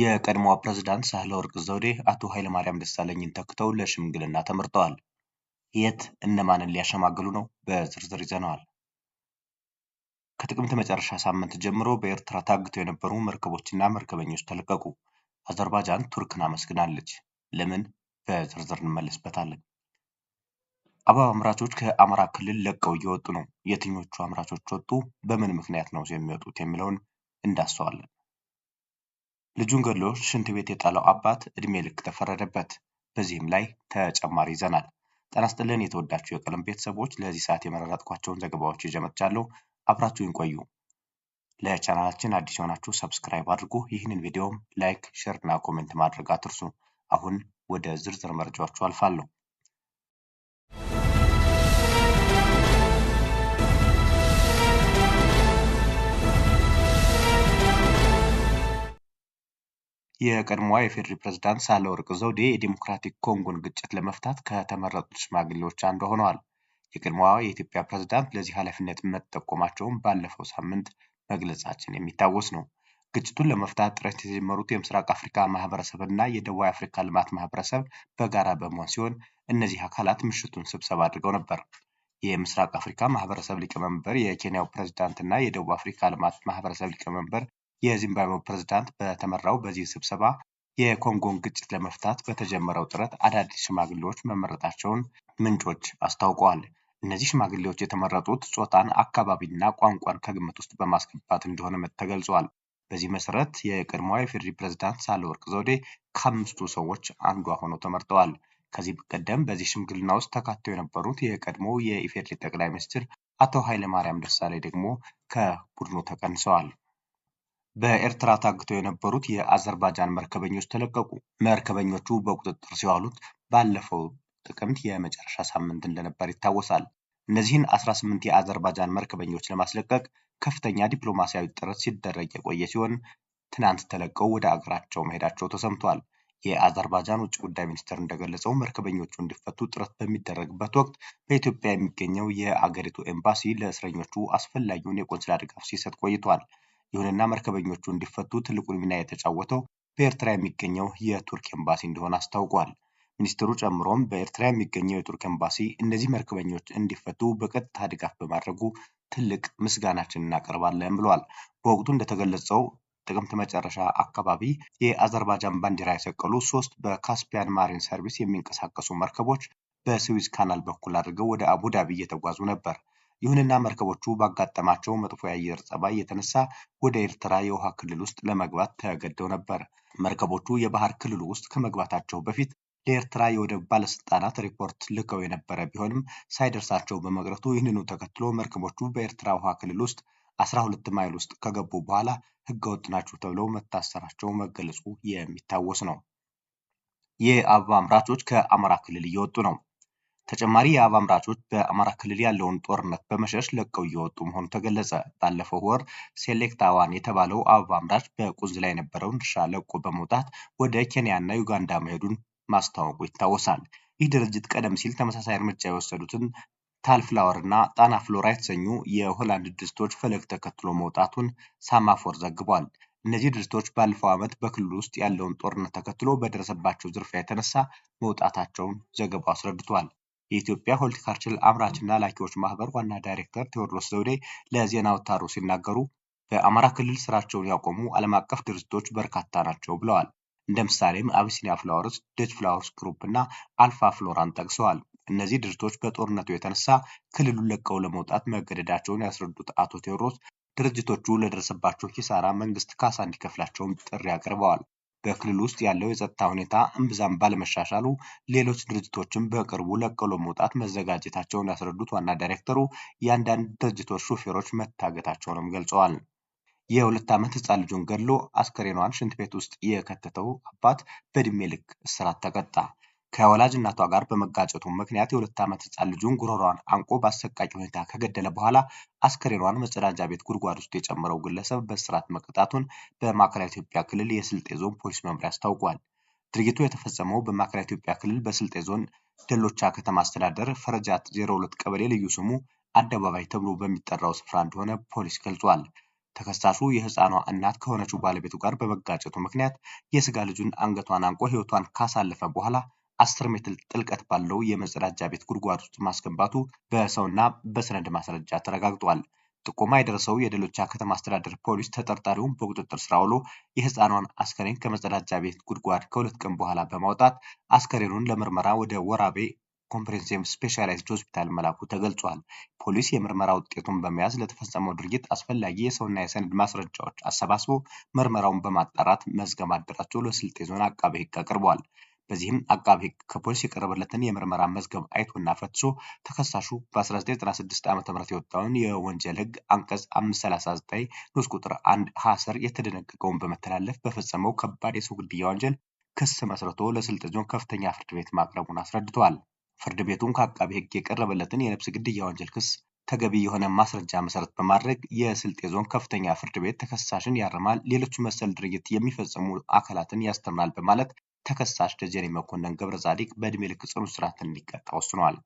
የቀድሞዋ ፕሬዝዳንት ሳህለወርቅ ዘውዴ አቶ ኃይለማርያም ደሳለኝን ተክተው ለሽምግልና ተመርጠዋል። የት እነማንን ሊያሸማግሉ ነው? በዝርዝር ይዘነዋል። ከጥቅምት መጨረሻ ሳምንት ጀምሮ በኤርትራ ታግተው የነበሩ መርከቦችና መርከበኞች ተለቀቁ። አዘርባጃን ቱርክን አመስግናለች። ለምን? በዝርዝር እንመለስበታለን። አበባ አምራቾች ከአማራ ክልል ለቀው እየወጡ ነው። የትኞቹ አምራቾች ወጡ? በምን ምክንያት ነው የሚወጡት? የሚለውን እንዳስተዋለን። ልጁን ገድሎ ሽንት ቤት የጣለው አባት እድሜ ልክ ተፈረደበት። በዚህም ላይ ተጨማሪ ይዘናል። ጤና ይስጥልን የተወዳችሁ የቀለም ቤተሰቦች፣ ለዚህ ሰዓት የመረጥኳቸውን ዘገባዎች ይዤ መጥቻለሁ። አብራችሁን ቆዩ። ለቻናላችን አዲስ የሆናችሁ ሰብስክራይብ አድርጉ። ይህንን ቪዲዮም ላይክ፣ ሼር እና ኮሜንት ማድረግ አትርሱ። አሁን ወደ ዝርዝር መረጃዎቹ አልፋለሁ። የቀድሞዋ የፌዴሪ ፕሬዝዳንት ሳህለወርቅ ዘውዴ የዲሞክራቲክ ኮንጎን ግጭት ለመፍታት ከተመረጡት ሽማግሌዎች አንዱ ሆነዋል። የቀድሞዋ የኢትዮጵያ ፕሬዝዳንት ለዚህ ኃላፊነት መጠቆማቸውን ባለፈው ሳምንት መግለጻችን የሚታወስ ነው። ግጭቱን ለመፍታት ጥረት የተጀመሩት የምስራቅ አፍሪካ ማህበረሰብ እና የደቡብ አፍሪካ ልማት ማህበረሰብ በጋራ በመሆን ሲሆን እነዚህ አካላት ምሽቱን ስብሰባ አድርገው ነበር። የምስራቅ አፍሪካ ማህበረሰብ ሊቀመንበር የኬንያው ፕሬዝዳንት እና የደቡብ አፍሪካ ልማት ማህበረሰብ ሊቀመንበር የዚምባብዌው ፕሬዝዳንት በተመራው በዚህ ስብሰባ የኮንጎን ግጭት ለመፍታት በተጀመረው ጥረት አዳዲስ ሽማግሌዎች መመረጣቸውን ምንጮች አስታውቀዋል። እነዚህ ሽማግሌዎች የተመረጡት ጾታን፣ አካባቢና ቋንቋን ከግምት ውስጥ በማስገባት እንደሆነ ተገልጿል። በዚህ መሰረት የቀድሞዋ የፌዴሪ ፕሬዝዳንት ሳህለወርቅ ዘውዴ ከአምስቱ ሰዎች አንዷ ሆነው ተመርጠዋል። ከዚህ ቀደም በዚህ ሽምግልና ውስጥ ተካተው የነበሩት የቀድሞ የኢፌዴሪ ጠቅላይ ሚኒስትር አቶ ኃይለማርያም ደሳለኝ ደግሞ ከቡድኑ ተቀንሰዋል። በኤርትራ ታግተው የነበሩት የአዘርባጃን መርከበኞች ተለቀቁ። መርከበኞቹ በቁጥጥር ሲዋሉት ባለፈው ጥቅምት የመጨረሻ ሳምንት እንደነበር ይታወሳል። እነዚህን 18 የአዘርባጃን መርከበኞች ለማስለቀቅ ከፍተኛ ዲፕሎማሲያዊ ጥረት ሲደረግ የቆየ ሲሆን ትናንት ተለቀው ወደ አገራቸው መሄዳቸው ተሰምቷል። የአዘርባጃን ውጭ ጉዳይ ሚኒስትር እንደገለጸው መርከበኞቹ እንዲፈቱ ጥረት በሚደረግበት ወቅት በኢትዮጵያ የሚገኘው የአገሪቱ ኤምባሲ ለእስረኞቹ አስፈላጊውን የቆንስላ ድጋፍ ሲሰጥ ቆይቷል። ይሁንና መርከበኞቹ እንዲፈቱ ትልቁን ሚና የተጫወተው በኤርትራ የሚገኘው የቱርክ ኤምባሲ እንደሆነ አስታውቋል። ሚኒስትሩ ጨምሮም በኤርትራ የሚገኘው የቱርክ ኤምባሲ እነዚህ መርከበኞች እንዲፈቱ በቀጥታ ድጋፍ በማድረጉ ትልቅ ምስጋናችን እናቀርባለን ብሏል። በወቅቱ እንደተገለጸው ጥቅምት መጨረሻ አካባቢ የአዘርባይጃን ባንዲራ የሰቀሉ ሶስት በካስፒያን ማሪን ሰርቪስ የሚንቀሳቀሱ መርከቦች በስዊዝ ካናል በኩል አድርገው ወደ አቡዳቢ እየተጓዙ ነበር። ይሁንና መርከቦቹ ባጋጠማቸው መጥፎ የአየር ጸባይ የተነሳ ወደ ኤርትራ የውሃ ክልል ውስጥ ለመግባት ተገደው ነበር። መርከቦቹ የባህር ክልሉ ውስጥ ከመግባታቸው በፊት ለኤርትራ የወደብ ባለስልጣናት ሪፖርት ልከው የነበረ ቢሆንም ሳይደርሳቸው በመቅረቱ ይህንኑ ተከትሎ መርከቦቹ በኤርትራ ውሃ ክልል ውስጥ 12 ማይል ውስጥ ከገቡ በኋላ ህገወጥ ናቸው ተብለው መታሰራቸው መገለጹ የሚታወስ ነው። የአበባ አምራቾች ከአማራ ክልል እየወጡ ነው። ተጨማሪ የአበባ አምራቾች በአማራ ክልል ያለውን ጦርነት በመሸሽ ለቀው እየወጡ መሆኑ ተገለጸ። ባለፈው ወር ሴሌክት የተባለው አበባ አምራች በቁንዝ ላይ የነበረውን ድርሻ ለቆ በመውጣት ወደ ኬንያና ዩጋንዳ መሄዱን ማስታወቁ ይታወሳል። ይህ ድርጅት ቀደም ሲል ተመሳሳይ እርምጃ የወሰዱትን ታልፍላወር እና ጣና ፍሎራ የተሰኙ የሆላንድ ድርጅቶች ፈለግ ተከትሎ መውጣቱን ሳማፎር ዘግቧል። እነዚህ ድርጅቶች ባለፈው ዓመት በክልሉ ውስጥ ያለውን ጦርነት ተከትሎ በደረሰባቸው ዝርፊያ የተነሳ መውጣታቸውን ዘገባው አስረድቷል። የኢትዮጵያ ሆልቲካልቸር አምራችና ላኪዎች ማህበር ዋና ዳይሬክተር ቴዎድሮስ ዘውዴ ለዜና አውታሩ ሲናገሩ በአማራ ክልል ስራቸውን ያቆሙ ዓለም አቀፍ ድርጅቶች በርካታ ናቸው ብለዋል። እንደ ምሳሌም አቢሲኒያ ፍላወርስ፣ ደች ፍላወርስ ግሩፕ እና አልፋ ፍሎራን ጠቅሰዋል። እነዚህ ድርጅቶች በጦርነቱ የተነሳ ክልሉን ለቀው ለመውጣት መገደዳቸውን ያስረዱት አቶ ቴዎድሮስ ድርጅቶቹ ለደረሰባቸው ኪሳራ መንግስት ካሳ እንዲከፍላቸውም ጥሪ አቅርበዋል። በክልል ውስጥ ያለው የጸጥታ ሁኔታ እምብዛም ባለመሻሻሉ ሌሎች ድርጅቶችም በቅርቡ ለቀሎ መውጣት መዘጋጀታቸውን ያስረዱት ዋና ዳይሬክተሩ የአንዳንድ ድርጅቶች ሹፌሮች መታገታቸውንም ገልጸዋል። የሁለት ዓመት ህፃን ልጁን ገድሎ አስከሬኗን ሽንት ቤት ውስጥ የከተተው አባት በእድሜ ልክ እስራት ተቀጣ። ከወላጅ እናቷ ጋር በመጋጨቱ ምክንያት የሁለት ዓመት ህፃን ልጁን ጉሮሯን አንቆ በአሰቃቂ ሁኔታ ከገደለ በኋላ አስከሬኗን መጸዳጃ ቤት ጉድጓድ ውስጥ የጨመረው ግለሰብ በእስራት መቀጣቱን በማዕከላዊ ኢትዮጵያ ክልል የስልጤ ዞን ፖሊስ መምሪያ አስታውቋል። ድርጊቱ የተፈጸመው በማዕከላዊ ኢትዮጵያ ክልል በስልጤ ዞን ደሎቻ ከተማ አስተዳደር ፈረጃት 02 ቀበሌ ልዩ ስሙ አደባባይ ተብሎ በሚጠራው ስፍራ እንደሆነ ፖሊስ ገልጿል። ተከሳሹ የህፃኗ እናት ከሆነችው ባለቤቱ ጋር በመጋጨቱ ምክንያት የስጋ ልጁን አንገቷን አንቆ ህይወቷን ካሳለፈ በኋላ አስር ሜትር ጥልቀት ባለው የመጸዳጃ ቤት ጉድጓድ ውስጥ ማስገንባቱ በሰውና በሰነድ ማስረጃ ተረጋግጧል። ጥቆማ የደረሰው የደሎቻ ከተማ አስተዳደር ፖሊስ ተጠርጣሪውን በቁጥጥር ስር አውሎ የህፃኗን አስከሬን ከመጸዳጃ ቤት ጉድጓድ ከሁለት ቀን በኋላ በማውጣት አስከሬኑን ለምርመራ ወደ ወራቤ ኮምፕሬንሲቭ ስፔሻላይዝድ ሆስፒታል መላኩ ተገልጿል። ፖሊስ የምርመራ ውጤቱን በመያዝ ለተፈጸመው ድርጊት አስፈላጊ የሰውና የሰነድ ማስረጃዎች አሰባስቦ ምርመራውን በማጣራት መዝገብ አደራጅቶ ለስልጤ ዞን አቃቤ ህግ አቅርቧል። በዚህም አቃቢ ህግ ከፖሊስ የቀረበለትን የምርመራ መዝገብ አይቶና ፈትሶ ተከሳሹ በ1996 ዓ ም የወጣውን የወንጀል ህግ አንቀጽ 539 ንዑስ ቁጥር 1 ሀ ስር የተደነገገውን በመተላለፍ በፈጸመው ከባድ የሰው ግድያ ወንጀል ክስ መስርቶ ለስልጥ ዞን ከፍተኛ ፍርድ ቤት ማቅረቡን አስረድተዋል። ፍርድ ቤቱም ከአቃቢ ህግ የቀረበለትን የነፍስ ግድያ ወንጀል ክስ ተገቢ የሆነ ማስረጃ መሰረት በማድረግ የስልጤ ዞን ከፍተኛ ፍርድ ቤት ተከሳሽን ያርማል፣ ሌሎች መሰል ድርጊት የሚፈጽሙ አካላትን ያስተምራል በማለት ተከሳሽ ደጀኔ መኮንን ገብረጻዲቅ በእድሜ ልክ ጽኑ እስራት እንዲቀጣ ወስኗል።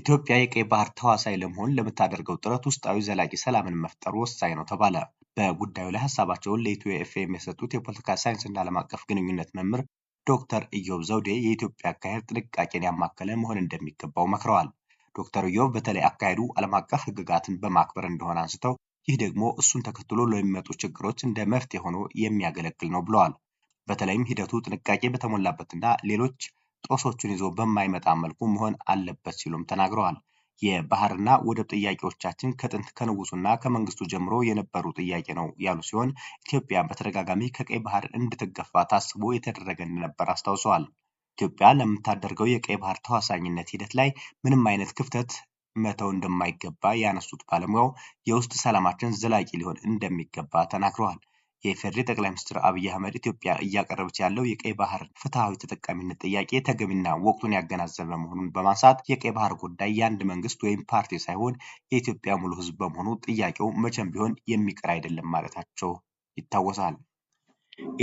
ኢትዮጵያ የቀይ ባህር ተዋሳይ ለመሆን ለምታደርገው ጥረት ውስጣዊ ዘላቂ ሰላምን መፍጠሩ ወሳኝ ነው ተባለ። በጉዳዩ ላይ ሀሳባቸውን ለኢትዮ ኤፍኤም የሰጡት የፖለቲካ ሳይንስና ዓለም አቀፍ ግንኙነት መምህር ዶክተር ኢዮብ ዘውዴ የኢትዮጵያ አካሄድ ጥንቃቄን ያማከለ መሆን እንደሚገባው መክረዋል። ዶክተር ኢዮብ በተለይ አካሄዱ ዓለም አቀፍ ሕግጋትን በማክበር እንደሆነ አንስተው ይህ ደግሞ እሱን ተከትሎ ለሚመጡ ችግሮች እንደ መፍትሄ ሆኖ የሚያገለግል ነው ብለዋል። በተለይም ሂደቱ ጥንቃቄ በተሞላበትና ሌሎች ጦሶቹን ይዞ በማይመጣ መልኩ መሆን አለበት ሲሉም ተናግረዋል። የባህርና ወደብ ጥያቄዎቻችን ከጥንት ከንጉሱና ከመንግስቱ ጀምሮ የነበሩ ጥያቄ ነው ያሉ ሲሆን ኢትዮጵያ በተደጋጋሚ ከቀይ ባህር እንድትገፋ ታስቦ የተደረገ እንደነበር አስታውሰዋል። ኢትዮጵያ ለምታደርገው የቀይ ባህር ተዋሳኝነት ሂደት ላይ ምንም አይነት ክፍተት መተው እንደማይገባ ያነሱት ባለሙያው የውስጥ ሰላማችን ዘላቂ ሊሆን እንደሚገባ ተናግረዋል። የኢፌዴሪ ጠቅላይ ሚኒስትር አብይ አህመድ ኢትዮጵያ እያቀረበች ያለው የቀይ ባህር ፍትሐዊ ተጠቃሚነት ጥያቄ ተገቢና ወቅቱን ያገናዘበ መሆኑን በማንሳት የቀይ ባህር ጉዳይ የአንድ መንግስት ወይም ፓርቲ ሳይሆን የኢትዮጵያ ሙሉ ህዝብ በመሆኑ ጥያቄው መቼም ቢሆን የሚቀር አይደለም ማለታቸው ይታወሳል።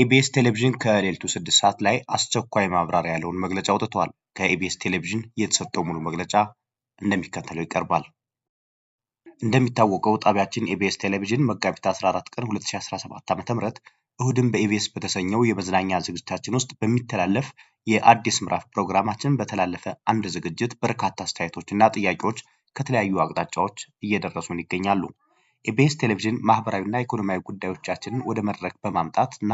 ኢቢኤስ ቴሌቪዥን ከሌሊቱ ስድስት ሰዓት ላይ አስቸኳይ ማብራሪያ ያለውን መግለጫ አውጥቷል። ከኢቢኤስ ቴሌቪዥን የተሰጠው ሙሉ መግለጫ እንደሚከተለው ይቀርባል። እንደሚታወቀው ጣቢያችን ኤቢኤስ ቴሌቪዥን መጋቢት 14 ቀን 2017 ዓ.ም እሁድም በኤቢኤስ በተሰኘው የመዝናኛ ዝግጅታችን ውስጥ በሚተላለፍ የአዲስ ምዕራፍ ፕሮግራማችን በተላለፈ አንድ ዝግጅት በርካታ እና ጥያቄዎች ከተለያዩ አቅጣጫዎች እየደረሱን ይገኛሉ። ኤቢኤስ ቴሌቪዥን ማህበራዊና ኢኮኖሚያዊ ጉዳዮቻችንን ወደ መድረክ በማምጣት እና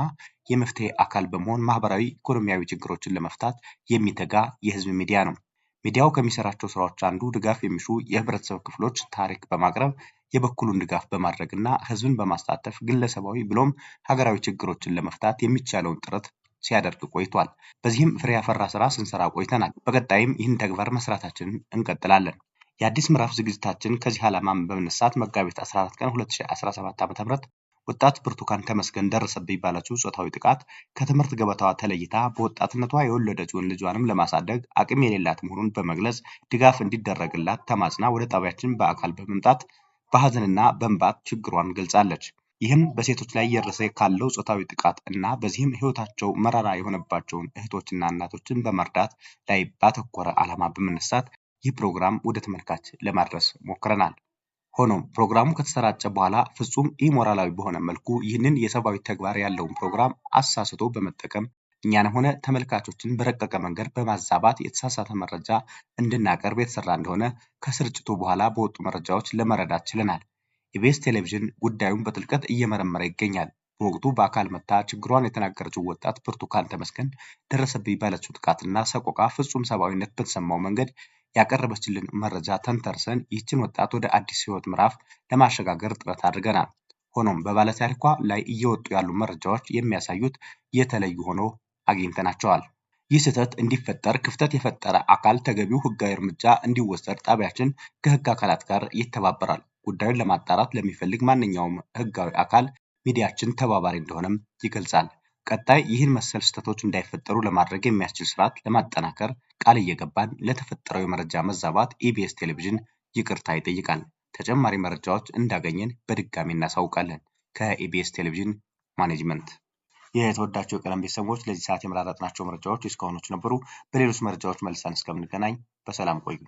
የመፍትሄ አካል በመሆን ማህበራዊ ኢኮኖሚያዊ ችግሮችን ለመፍታት የሚተጋ የህዝብ ሚዲያ ነው። ሚዲያው ከሚሰራቸው ስራዎች አንዱ ድጋፍ የሚሹ የህብረተሰብ ክፍሎች ታሪክ በማቅረብ የበኩሉን ድጋፍ በማድረግ እና ህዝብን በማሳተፍ ግለሰባዊ ብሎም ሀገራዊ ችግሮችን ለመፍታት የሚቻለውን ጥረት ሲያደርግ ቆይቷል። በዚህም ፍሬ ያፈራ ስራ ስንሰራ ቆይተናል። በቀጣይም ይህን ተግባር መስራታችንን እንቀጥላለን። የአዲስ ምዕራፍ ዝግጅታችን ከዚህ ዓላማ በመነሳት መጋቢት 14 ቀን 2017 ዓ.ም ወጣት ብርቱካን ተመስገን ደረሰብኝ ባለችው ጾታዊ ጥቃት ከትምህርት ገበታዋ ተለይታ በወጣትነቷ የወለደችውን ልጇንም ለማሳደግ አቅም የሌላት መሆኑን በመግለጽ ድጋፍ እንዲደረግላት ተማጽና ወደ ጣቢያችን በአካል በመምጣት በሀዘንና በእንባት ችግሯን ገልጻለች። ይህም በሴቶች ላይ እየደረሰ ካለው ጾታዊ ጥቃት እና በዚህም ህይወታቸው መራራ የሆነባቸውን እህቶችና እናቶችን በመርዳት ላይ ባተኮረ ዓላማ በመነሳት ይህ ፕሮግራም ወደ ተመልካች ለማድረስ ሞክረናል። ሆኖም ፕሮግራሙ ከተሰራጨ በኋላ ፍጹም ኢሞራላዊ በሆነ መልኩ ይህንን የሰብአዊ ተግባር ያለውን ፕሮግራም አሳስቶ በመጠቀም እኛን ሆነ ተመልካቾችን በረቀቀ መንገድ በማዛባት የተሳሳተ መረጃ እንድናቀርብ የተሰራ እንደሆነ ከስርጭቱ በኋላ በወጡ መረጃዎች ለመረዳት ችለናል። ኢቢኤስ ቴሌቪዥን ጉዳዩን በጥልቀት እየመረመረ ይገኛል። በወቅቱ በአካል መታ ችግሯን የተናገረችው ወጣት ብርቱካን ተመስገን ደረሰብኝ ባለችው ጥቃትና ሰቆቃ ፍጹም ሰብአዊነት በተሰማው መንገድ ያቀረበችልን መረጃ ተንተርሰን ይህችን ወጣት ወደ አዲስ ህይወት ምዕራፍ ለማሸጋገር ጥረት አድርገናል። ሆኖም በባለታሪኳ ላይ እየወጡ ያሉ መረጃዎች የሚያሳዩት የተለዩ ሆኖ አግኝተናቸዋል። ይህ ስህተት እንዲፈጠር ክፍተት የፈጠረ አካል ተገቢው ህጋዊ እርምጃ እንዲወሰድ ጣቢያችን ከህግ አካላት ጋር ይተባበራል። ጉዳዩን ለማጣራት ለሚፈልግ ማንኛውም ህጋዊ አካል ሚዲያችን ተባባሪ እንደሆነም ይገልጻል። ቀጣይ ይህን መሰል ስህተቶች እንዳይፈጠሩ ለማድረግ የሚያስችል ስርዓት ለማጠናከር ቃል እየገባን ለተፈጠረው የመረጃ መዛባት ኢቢኤስ ቴሌቪዥን ይቅርታ ይጠይቃል። ተጨማሪ መረጃዎች እንዳገኘን በድጋሚ እናሳውቃለን። ከኢቢኤስ ቴሌቪዥን ማኔጅመንት። የተወዳቸው የቀለም ቤተሰቦች ለዚህ ሰዓት የመራረጥናቸው መረጃዎች እስካሁኖች ነበሩ። በሌሎች መረጃዎች መልሰን እስከምንገናኝ በሰላም ቆዩ።